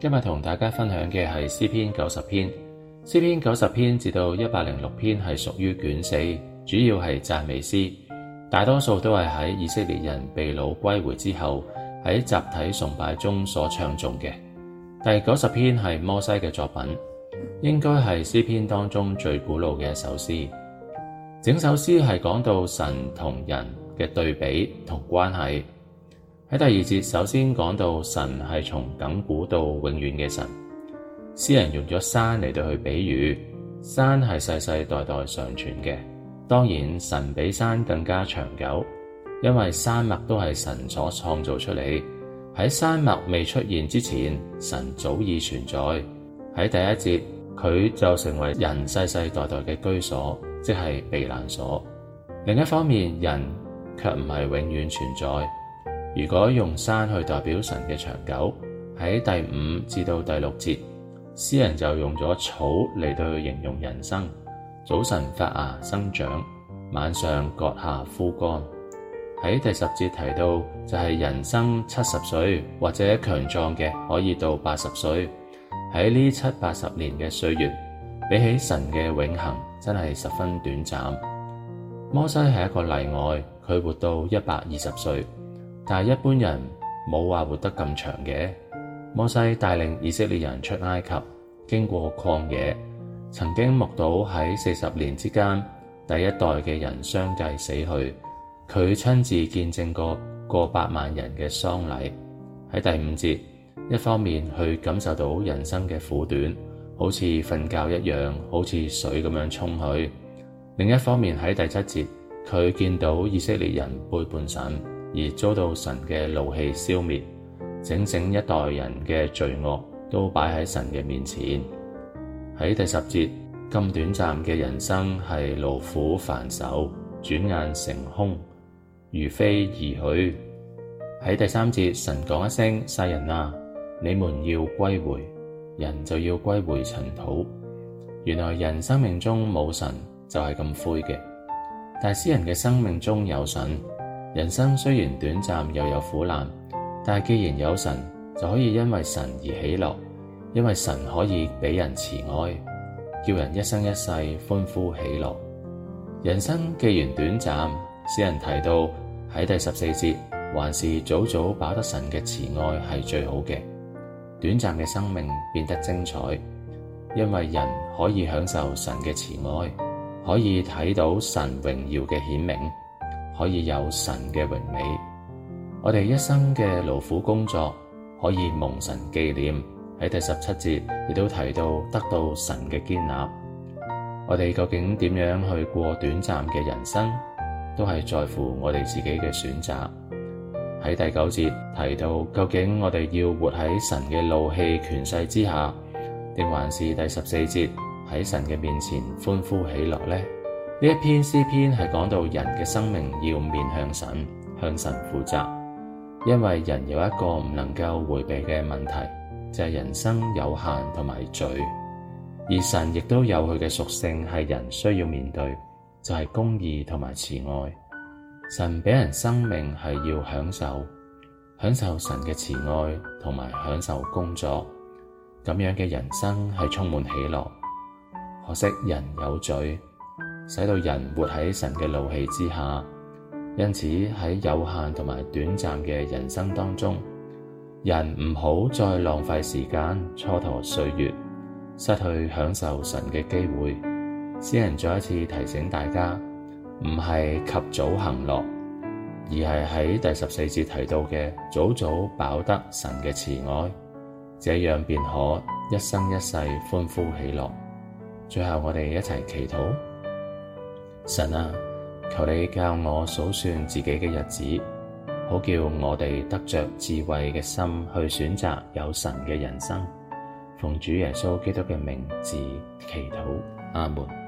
今日同大家分享嘅係詩篇九十篇。詩篇九十篇至到一百零六篇係屬於卷四，主要係讚美詩，大多數都係喺以色列人被擄歸回之後喺集體崇拜中所唱誦嘅。第九十篇係摩西嘅作品，應該係詩篇當中最古老嘅一首詩。整首詩係講到神同人嘅對比同關係。喺第二節，首先講到神係從亙古到永遠嘅神。詩人用咗山嚟到去比喻，山係世世代代，代常存嘅。當然，神比山更加長久，因為山脈都係神所創造出嚟。喺山脈未出現之前，神早已存在。喺第一節，佢就成為人世世代代嘅居所，即係避難所。另一方面，人卻唔係永遠存在。如果用山去代表神嘅長久，喺第五至到第六節，詩人就用咗草嚟到去形容人生。早晨發芽生長，晚上割下枯乾。喺第十節提到，就係、是、人生七十歲或者強壯嘅可以到八十歲。喺呢七八十年嘅歲月，比起神嘅永恆，真係十分短暫。摩西係一個例外，佢活到一百二十歲。但一般人冇話活得咁長嘅。摩西帶領以色列人出埃及，經過曠野，曾經目睹喺四十年之間第一代嘅人相繼死去，佢親自見證過過百萬人嘅喪禮。喺第五節，一方面佢感受到人生嘅苦短，好似瞓覺一樣，好似水咁樣沖去；另一方面喺第七節，佢見到以色列人背叛神。而遭到神嘅怒氣消滅，整整一代人嘅罪惡都擺喺神嘅面前。喺第十節，咁短暫嘅人生係勞苦煩愁，轉眼成空，如飛而去。喺第三節，神講一聲世人啊，你們要歸回，人就要歸回塵土。原來人生命中冇神就係咁灰嘅，但係詩人嘅生命中有神。人生雖然短暫，又有苦難，但既然有神，就可以因為神而喜樂，因為神可以俾人慈愛，叫人一生一世歡呼喜樂。人生既然短暫，詩人提到喺第十四節，還是早早飽得神嘅慈愛係最好嘅。短暫嘅生命變得精彩，因為人可以享受神嘅慈愛，可以睇到神榮耀嘅顯明。可以有神嘅榮美，我哋一生嘅勞苦工作可以蒙神紀念。喺第十七節亦都提到得到神嘅建立。我哋究竟點樣去過短暫嘅人生，都係在乎我哋自己嘅選擇。喺第九節提到，究竟我哋要活喺神嘅怒氣權勢之下，定還是第十四節喺神嘅面前歡呼喜樂呢？呢一篇詩篇係講到人嘅生命要面向神，向神負責，因為人有一個唔能夠回避嘅問題，就係人生有限同埋罪。而神亦都有佢嘅屬性係人需要面對，就係公義同埋慈愛。神畀人生命係要享受，享受神嘅慈愛同埋享受工作，咁樣嘅人生係充滿喜樂。可惜人有罪。使到人活喺神嘅怒氣之下，因此喺有限同埋短暫嘅人生當中，人唔好再浪費時間，蹉跎歲月，失去享受神嘅機會。詩人再一次提醒大家，唔係及早行樂，而係喺第十四節提到嘅早早飽得神嘅慈愛，這樣便可一生一世歡呼喜樂。最後，我哋一齊祈禱。神啊，求你教我數算自己嘅日子，好叫我哋得着智慧嘅心去選擇有神嘅人生。奉主耶穌基督嘅名字祈禱，阿門。